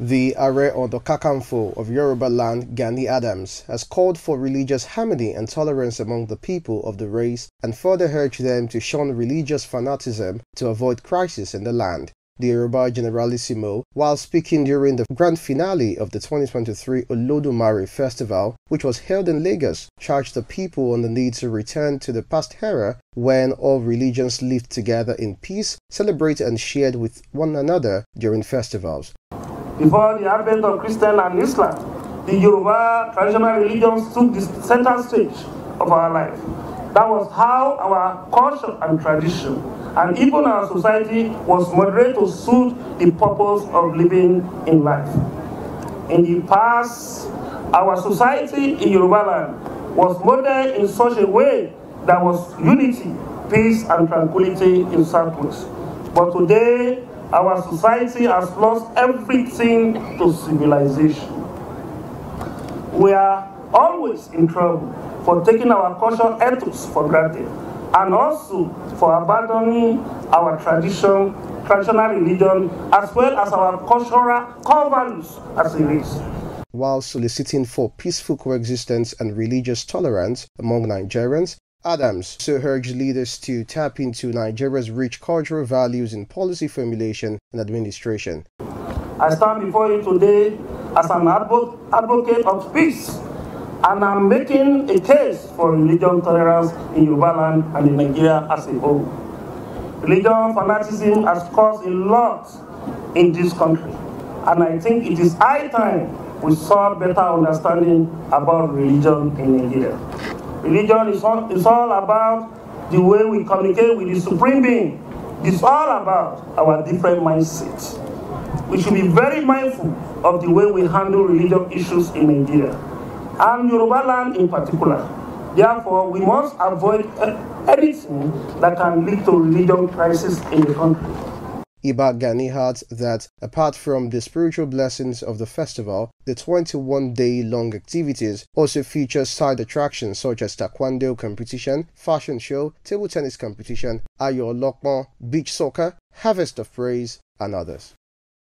The Are or the Kakanfo of Yoruba land, Gani Adams, has called for religious harmony and tolerance among the people of the race and further urged them to shun religious fanaticism to avoid crisis in the land. The Yoruba Generalissimo, while speaking during the grand finale of the 2023 Olodumare Festival, which was held in Lagos, charged the people on the need to return to the past era when all religions lived together in peace, celebrated and shared with one another during festivals. Before the advent of Christian and Islam, the Yoruba traditional religions took the center stage of our life. That was how our culture and tradition, and even our society, was moderated to suit the purpose of living in life. In the past, our society in Yoruba land was modeled in such a way that was unity, peace, and tranquility in surplus. But today, our society has lost everything to civilization. We are always in trouble for taking our cultural ethics for granted and also for abandoning our tradition, traditional religion, as well as our cultural core values as a race while soliciting for peaceful coexistence and religious tolerance among Nigerians, Adams so urged leaders to tap into Nigeria's rich cultural values in policy formulation and administration. I stand before you today as an advocate of peace, and I'm making a case for religion tolerance in Yorubaland land and in Nigeria as a whole. Religion fanaticism has caused a lot in this country, and I think it is high time we saw better understanding about religion in Nigeria. Religion is all, its all about the way we communicate with the Supreme Being. It's all about our different mindsets. We should be very mindful of the way we handle religion issues in Nigeria, and Yoruba land in particular. Therefore, we must avoid eh, anything that can lead to religion crisis in the country. Iba Ganihat that, apart from the spiritual blessings of the festival, the 21 day long activities also feature side attractions such as taekwondo competition, fashion show, table tennis competition, ayo lokmo, beach soccer, harvest of praise, and others.